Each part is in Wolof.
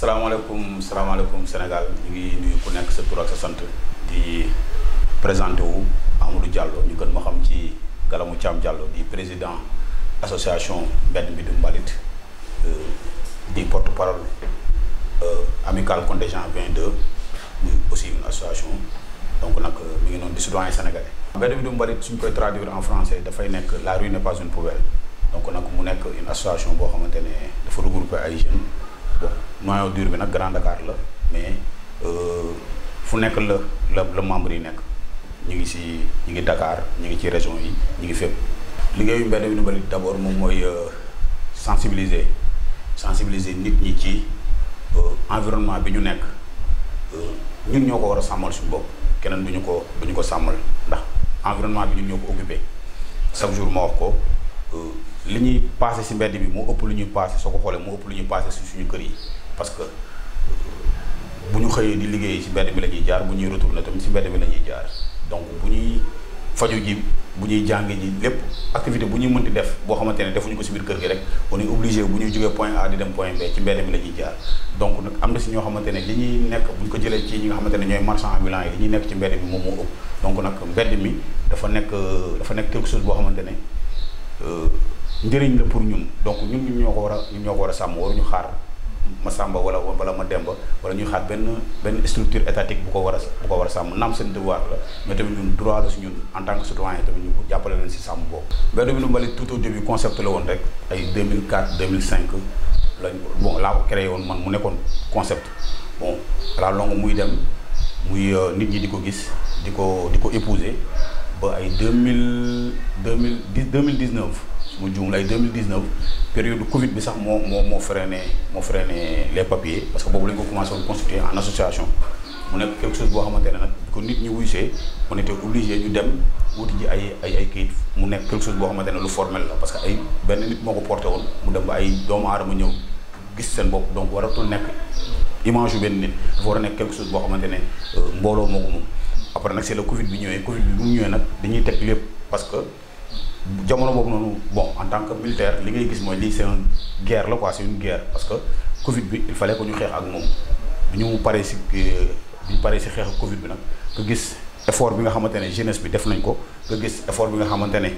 salaamaaleykum salaamaaleykum Sénégal ñu ngi nuyu ku nekk sa tur ak sa sant di présenté wu Amadou jàll ñu gën ma xam ci Galamou Thiam Diallo di président association mbedd bi du mbalit euh, di porte parole euh, amicale contingent 22 muy aussi une association donc nag euh, mi ngi noonu di citoyen sénégalais. mbedd mi du mbalit suñ koy traduire en français dafay nekk la rue n'est pas une poubelle donc nag mu nekk une association boo xamante ne dafa regrouper ay jeunes. bon noyau dur bi nag Grand Dakar la mais euh, fu nekk la la la membre yi nekk ñu ngi si ñi ngi Dakar ñu ngi ci région yi ñu ngi fépp. liggéeyu mbedd bi nu bari d' abord moom mooy euh, sensibiliser sensibiliser nit ñi ci euh, environnement bi ñu nekk ñun ñoo ko war a sàmmal suñu bopp keneen du ñu ko du ñu ko sàmmal ndax environnement bi ñu ñoo ko occupé chaque jour ma wax ko. li ñuy passé si mbedd bi moo ëpp lu ñuy passé soo ko xoolee moo ëpp lu ñuy passé si suñu kër yi parce que bu ñu xëyee di liggéey si mbedd bi la ñuy jaar bu ñuy retourné tamit si mbedd bi la ñuy jaar donc bu ñuy faju ji bu ñuy jàng ji lépp activité bu ñuy mënti def boo xamante ne defuñu ko si biir kër gi rek on est bu ñuy jógee point A dem point ci mbedd la ñuy jaar donc am na si ñoo xamante ne li ñuy nekk bu ñu ko jëlee ci ñi nga xamante ne ñooy marchand ambulant yi li ñuy nekk ci mbedd bi moom moo ëpp donc nag mbedd mi dafa nekk dafa nekk quelque chose boo xamante ne Euh, njëriñ la pour ñun donc ñun ñun ñoo ko war a ñun ñoo ko war ñu xaar ma sàmba wala wala ma demba wala ñuy xaar benn benn structure étatique bu ko war a bu war sàmm naam seen devoir la mais tamit ñun droit la su ñun en tant que citoyen tamit ñu jàppale leen si sàmm boobu. mbedd mi nu mbalit tout au début concept la woon rek ay 2004 2005 lañ bon laa ko créé woon man mu nekkoon concept bon à la muy dem muy euh, nit ñi di ko gis di ko di ko épouser ba ay deux mille deux mille dix deux mille dix neuf su ay deux mille dix neuf période Covid bi sax moo moo moo freiné moo freiné les papiers parce que boobu la ko commencé woon constituer en association. mu nekk quelque chose boo xamante ne nag ko nit ñi wuysee on était obligé ñu dem wuti ji ay ay ay kayit mu nekk quelque chose boo xamante ne lu formel la parce que ay benn nit moo ko porté woon mu dem ba ay doomu aadama ñëw gis seen bopp donc waratul nekk image yu benn nit dafa war a nekk quelque chose boo xamante ne euh, mbooloo moo ko moom après nag c'est le Covid bi ñëwee Covid bi bu mu nag dañuy teg lépp parce que jamono boobu noonu bon en tant que militaire li ngay gis mooy lii c'est une guerre la quoi c'est une guerre parce que Covid bi il fallait que ñu xeex ak moom bi ñu paree si euh, bi ñu paree si xeex ak Covid bi nag nga gis effort bi nga xamante ne jeunesse bi def nañ ko nga gis effort bi nga xamante ne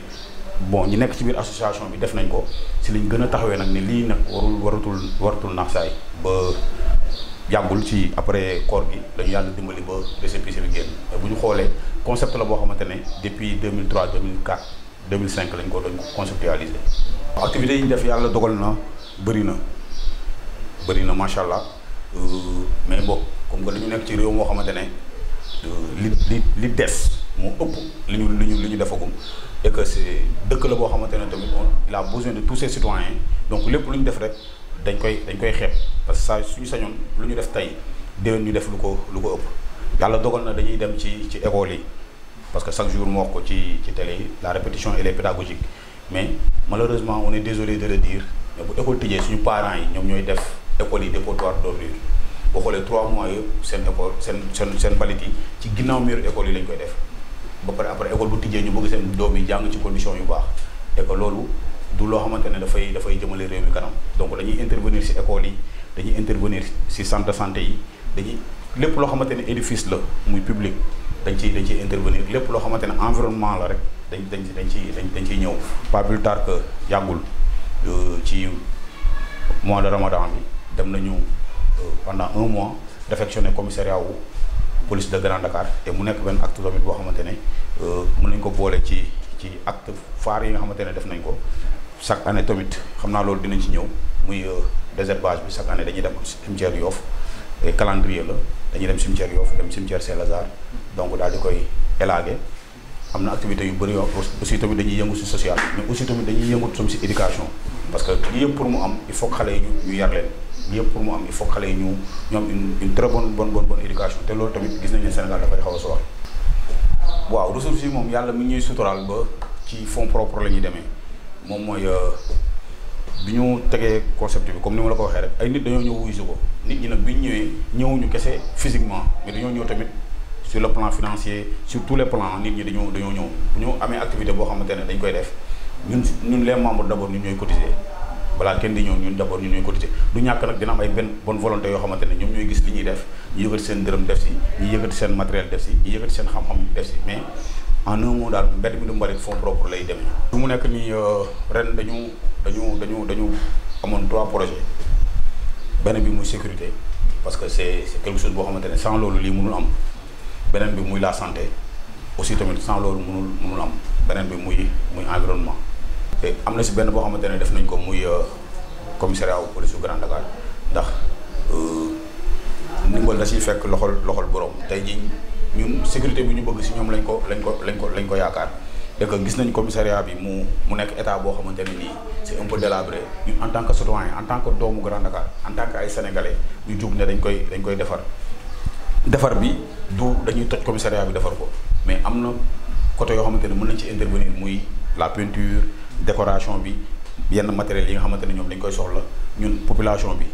bon ñu nekk ci biir association bi def nañ ko si lañ gën a taxawee nag ni lii nag warul waratul waratul naax saay ba. yàggul ci après koor gi dañu yàlla dimbali ba récépissé bi génn mais bu ñu xoolee concept la boo xamante ne depuis 2003 2004 2005 lañ ko doon conceptualisé. activités yi ñu def yàlla dogal na bëri na bëri na macha allah euh, mais bokk comme que dañu nekk ci réew moo xamante ne euh, li li li des moo ëpp li ñu li ñu li ñu defagum et que c'est dëkk la boo xamante ne tamit on il a besoin de tous ses citoyens donc lépp lu ñu def rek. dañ koy dañ koy xeeb parce que saa suñu sañoon lu ñu def tey déwén ñu def lu ko lu ko ëpp yàlla dogal na dañuy dem ci ci école yi parce que chaque jour moo ko ci ci télé yi la répétition elle est pédagogique mais malheureusement on est désolé de le dire mais bu école tijjee suñu parents yi ñoom ñooy def école yi dépotoir d'ordures boo xoolee trois mois yëpp seen école seen seen seen mbalit yi ci ginnaaw mur école yi lañ koy def ba pare après école bu tijjee ñu bëgg doom yi jàng ci condition yu baax et que du loo xamante ne dafay dafay jëmale réew mi kanam donc dañuy intervenir ci école yi dañuy intervenir ci centre de santé yi dañuy lépp loo xamante ne édifice la muy public dañ ciy dañ ciy intervenir lépp loo xamante ne environnement la rek dañ dañ dañ ciy dañ ciy ñëw pas plus tard yàggul euh, ci mois de ramadan bi dem nañu euh, pendant un mois défectionné commissariat wu police de Grand Dakar te mu nekk benn acte tamit boo xamante ne euh, mën nañ ko boole ci ci acte yi nga xamante ne def nañ ko chaque année tamit xam naa loolu dinañ ci ñëw muy euh, désherbage bi chaque année dañuy dem cimetière Yoff et calendrier la dañuy dem cimetière Yoff dem cimetière Saint-Lazare donc daal di koy élaguer am na activité yu bëri yoo aussi tamit dañuy yëngu si social mais aussi tamit dañuy yëngu tam si éducation parce que lii yëpp pour mu am il faut xale yi ñu ñu yar leen lii yëpp pour mu am il faut xale yi ñu ñu am une une très bonne bonne éducation te loolu tamit gis nañu ne Sénégal dafay xaw a moom yàlla mi ngi ñuy suturaal ba ci fonds la ñuy demee moom mooy euh, bi ñu tegee concept bi comme ni ma la ko waxee rek ay nit dañoo ñëw wuyu si ko nit ñi nag bi ñu ñëwee ñëwuñu kese physiquement mais dañoo ñëw tamit su le plan financier sur tous les plans nit ñi dañoo dañoo ñëw bu ñu amee activité boo xamante ne dañ koy def ñun ñun les membres d'abord ñun ñooy cotiser balaa kenn di ñëw ñun d'abord ñun ñooy cotiser du ñàkk nag dina am ay benn bonne volonté yoo xamante ne ñoom ñooy gis li ñuy def ñu yëkkati seen def si ñu seen matériel def si ñu seen xam-xam def si mais en un mot daal mbedd mi du mbari fonds propre lay dem su mu nekk nii euh, ren dañu dañu dañu dañu amoon trois projets beneen bi muy sécurité parce que c'est c'est quelque chose boo xamante ne sans loolu lii mënul am beneen bi muy la santé aussi tamit sans loolu mënul mënul am beneen bi muy muy environnement te am na si benn boo xamante ne def nañ ko muy euh, commissariat wu police su Grand Dakar ndax euh, ndimbal da siy fekk loxol loxol borom tey jii ñun sécurité bi ñu bëgg si ñoom lañ ko lañ ko lañ ko lañ ko yaakaar et que gis nañ commissariat bi mu mu nekk état boo xamante ne nii c'est un peu ñun en tant que citoyen en tant que doomu Grand Dakar en tant que ay sénégalais ñu jug ne dañ koy dañ koy defar defar bi du dañuy toj commissariat bi defar ko mais am na côté yoo xamante ne mën nañ ci intervenir muy la peinture décoration bi yenn matériel yi nga xamante ne ñoom dañ koy soxla ñun population bi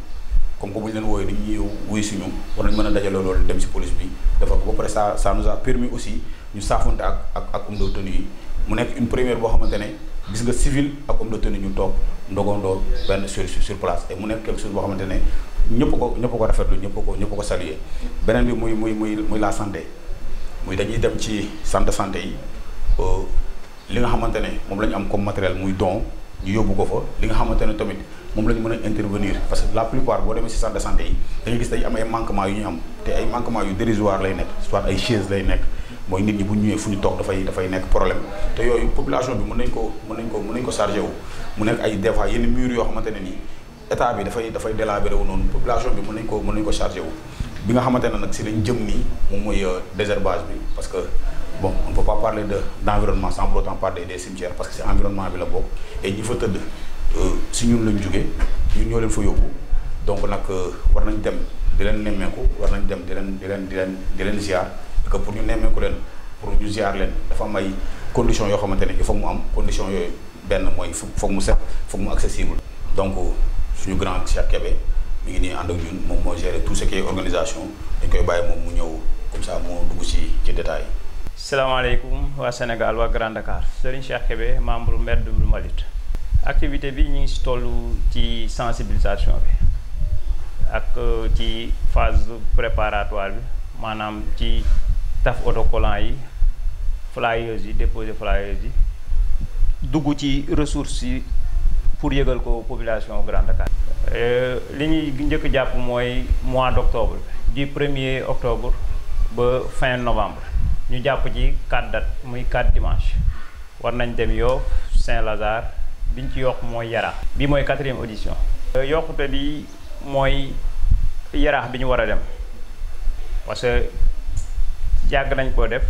comme que bu ñu leen wooyee dañuy ñëw wuy si ñun war nañ mën a dajale loolu dem si police bi dafa ko ba pare ça ça permis aussi ñu saafonte ak ak ak de tenue yi mu nekk une première boo xamante ne gis nga civil ak homme de tenue ñu toog ndogandoo benn sur sur place et mu nekk quelque chose boo xamante ne ñëpp ko ñëpp ko rafet rafetlu ñëpp ko ñëpp ko saluer beneen bi muy muy muy muy la santé muy dañuy dem ci centre santé yi euh, li nga xamante ne moom la am comme matériel muy don ñu yóbbu ko fa li nga xamante ne tamit moom la ñu mën a intervenir parce que la plupart boo demee si centre de santé yi dañuy gis dañu am ay manquement yu ñu am te ay manquement yu dérisoire lay nekk soit ay chaise lay nekk mooy nit ñi bu ñu fu ñu toog dafay dafay nekk problème te yooyu population bi mën nañ ko mën nañ ko mën nañ ko chargé wu mu nekk ay des yenn murs yoo xamante ne nii état bi dafay dafay délabré wu noonu population bi mën nañ ko mën ko chargé wu bi nga xamante ne nag si lañ jëm euh, bi parce que bon on peut pas parler de d'environnement sans pour autant parler des cimetières parce que c'est environnement bi la bokk et ñi fa tëdd euh, si ñun lañ jógee ñun ñoo leen fa yóbbu donc nag euh, war nañ dem di leen nemmeeku war nañ dem di leen di leen di leen di leen ziar que pour ñu nemmeeku leen pour ñu ziar leen dafa am ay conditions yoo xamante ne il faut mu am condition yooyu benn mooy foog mu set foog mu accessible donc suñu grand Cheikh Kébé mi ngi nii ànd ak ñun moom moo gérer tout ce qui est organisation dañ koy bàyyi moom mu ñëw comme ça moo dugg ci ci détail salaamaaleykum waa Sénégal waa grande car Serigne Cheikh Kébé membre Mbedd Lu Mbalit activité bi ñu ngi si toll ci sensibilisation bi ak euh, ci phase préparatoire bi maanaam ci taf autocollant yi flyers yi déposer flyers yi dugg ci ressources yi pour yëgal ko population Grand Dakar. Euh, li ñuy njëkk jàpp mooy mois d' octobre du premier octobre ba fin novembre. ñu jàpp ci quatre dates muy quatre dimanche war nañ dem Yoff Saint-Lazare biñ ci yokk mooy yaraax bi mooy quatrième audition yokkute bi mooy yaraax bi ñu war a dem parce que yàgg nañ koo def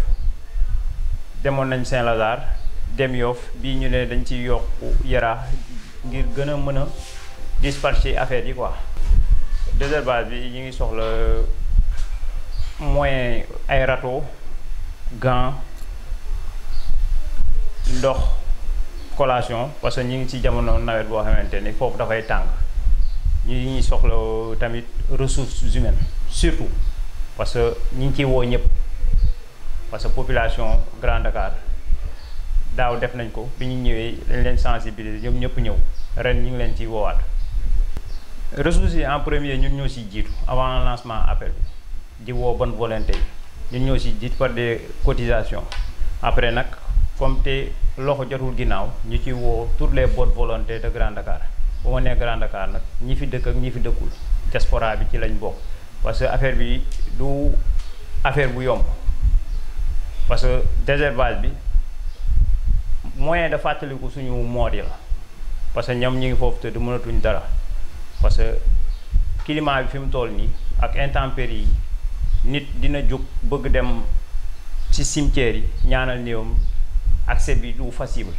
demoon nañ Saint-Lazare dem Yoff bii ñu ne dañ ci yokku yaraax ngir gën a mën a dispatcher affaire yi quoi désherbage bi ñu ngi soxla moyen ay râteau gant ndox collation parce que ñu ngi ci jamono nawet boo xamante ni foofu dafay tàng ñu ñuy soxla tamit ressources humaines surtout parce que ñu ngi ciy woo ñëpp parce que population grande Dakar daaw def nañ ko bi ñu ñëwee lañ leen sensibiliser ñoom ñëpp ñëw ren ñu ngi leen ciy woowaat ressources yi en premier ñun ñëw si jiitu avant lancement appel bi di woo bonne volonté yi ñu ñëw si di par des cotisation après nag comme te loxo jotul ginnaaw ñu ci woo toutes les bonnes volontés de Grand Dakar bu ma nee Grand Dakar nag ñi fi dëkk ak ñi fi dëkkul diaspora bi ci lañ bokk parce que affaire bi du affaire bu yomb parce que désherbage bi moyen de fàttaliku suñu moor yi la parce que ñoom ñu ngi foofu te du mënatuñ dara parce que climat bi fi mu toll nii ak intempéries yi. nit dina jóg bëgg dem ci cimetière yi ñaanal néewam accès bi du facile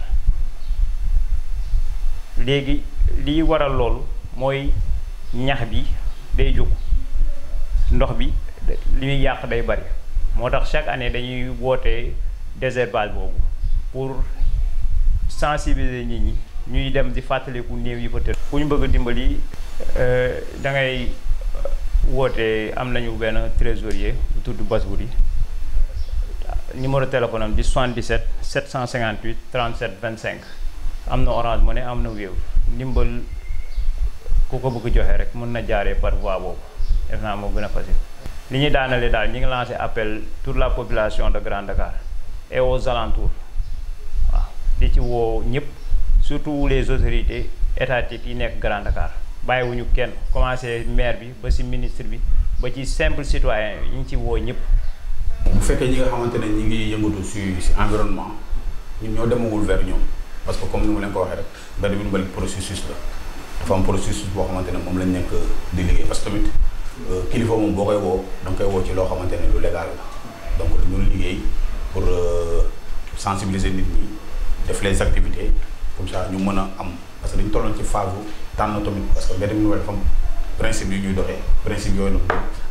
léegi liy waral loolu mooy ñax bi day jóg ndox bi li muy yàq day bari moo tax chaque année dañuy wootee désherbage boobu pour sensibiliser nit ñi ñuy dem di fàttaleeku néew yi fa tëdd ku ñu bëgg dimbali euh, da wootee am nañu benn trésorier bu tudd Basbouri numéro téléphone am di 77 758 37 cinq am na Orange ne am na Wave ndimbal ku ko bëgg joxe rek mën na jaaree par voie boobu def naa moo gën a facile. li ñuy daanale daal ñu ngi lancé appel toute la population de Grand Dakar et aux alentours waaw di ci woo ñëpp surtout les autorités étatiques yi nekk Grand car bàyyiwuñu kenn commencé maire bi ba si ministre bi ba ci simple citoyen yi ñu ci woo ñëpp. bu fekkee ñi nga xamante ne ñi ngi yëngatu ci ci environnement ñun ñoo demagul vers ñoom parce que comme ni mu leen ko waxee rek mbedd bi mbali processus la dafa am processus boo xamante ne moom lañ nekk di liggéey parce que tamit euh, kilifa moom boo koy woo da nga koy woo ci loo xamante ne lu légal la donc dañu liggéey pour euh, sensibiliser nit ñi def les activités comme ça ñu mën a am. parce que ñu tolloon ci phase bu tànn tamit parce que nga dem nouvelle femme principe yi ñuy doxee principe yooyu noonu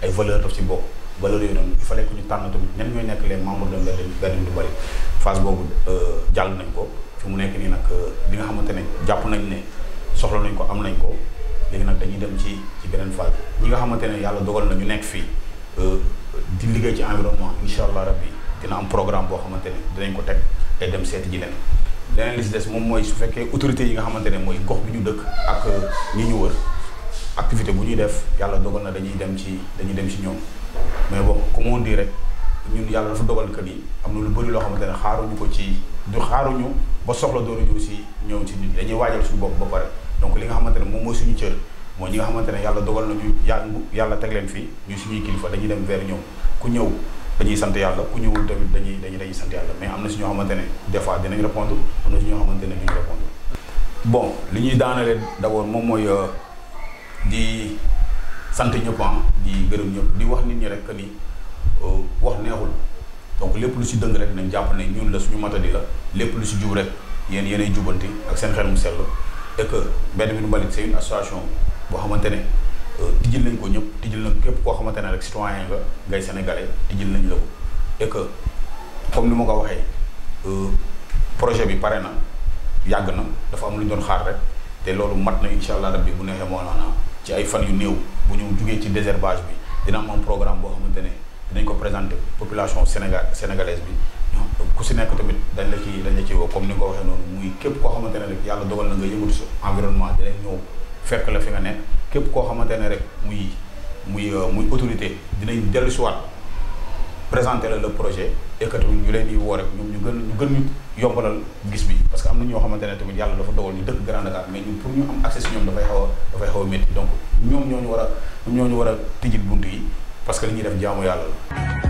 ay valeur daf ci bokk valeur yooyu noonu il fallait que ñu tànn tamit ñan ñooy nekk les membres de Mbedd Mbedd du Bari phase euh, jàll nañ ko fi mu nekk nii nag li euh, nga xamante ne jàpp nañ ne soxla nañ ko am nañ ko léegi nag dañuy dem ci ci beneen phase ñi nga xamante ne yàlla dogal na ñu nekk fii euh, di liggéey ci environnement incha allah rabbi dina am programme boo xamante ne dinañ ko teg ay dem seeti ji leen leneen li si des moom mooy su fekkee autorité yi nga xamante ne mooy gox bi ñu dëkk ak euh, ñi ñu wër activité bu ñuy def yàlla dogal na dañuy dem ci dañuy dem ci ñoom mais bon comme on dit rek ñun yàlla dafa dogal que ni am na lu bëri loo xamante ne xaaruñu ko ci du xaaruñu ba soxla dooruñu aussi ñëw ci nit dañuy waajal suñu bopp ba pare donc li nga xamante ne moom mooy suñu cër mooy ñi nga xamante ne yàlla dogal nañu yàlla teg leen fii ñu suñuy kilifa dañuy dem vers ñoom ku ñëw dañuy sant yàlla ku ñëwul tamit dañuy dañuy dañuy sant yàlla mais am na si ñoo xamante ne des fois dinañ répondre am na si ñoo xamante ne duñu répondre bon li ñuy daanale d'abord moom mooy euh, di sant ñëpp ah, di gërëm ñëpp di wax nit ñi rek que ni euh, wax neexul donc lépp lu si dëng rek nañ jàpp ne ñun la suñu matadi la lépp lu si jub rek yéen yéenay jubanti ak seen xel mu sell et que mbedd mi du mbalit c'est une association boo xamante ne tijjil nañ ko ñëpp tijjil nañ képp koo xamante ne rek citoyen nga ngay sénégalais tijjil nañ la ko et que comme ni ma ko waxee euh, projet bi pare na yàgg na dafa am lu ñu doon xaar rek te loolu mat na incha allah rabbi bu neexee moolaana ci ay fan yu néew bu ñu jugee ci désherbage bi dina moom un programme boo xamante ne dinañ ko présenter population sénégal sénégalaise bi ku si nekk tamit dañ la ki dañ la ci woo comme ni nga ko waxee noonu muy képp koo xamante ne rek yàlla dogal na nga yëngatu sa environnement dinañ ñëw fekk la fi nga nekk képp koo xamante ne rek muy muy euh, muy autorité dinañ dellu si waat présenter la le projet ekkati ñu leen di woo rek ñu gën ñu gën ñu yombalal gis bi parce que am na ñoo xamante ne tamit yàlla dafa dogal ñu dëkk Grand Dakar mais ñu pour ñu am accès ñoom dafay xaw a dafay xaw a métti donc ñoom ñoo ñu war a ñoo ñu war a tijjit bunt yi parce que li ñuy def jaamu yàlla la.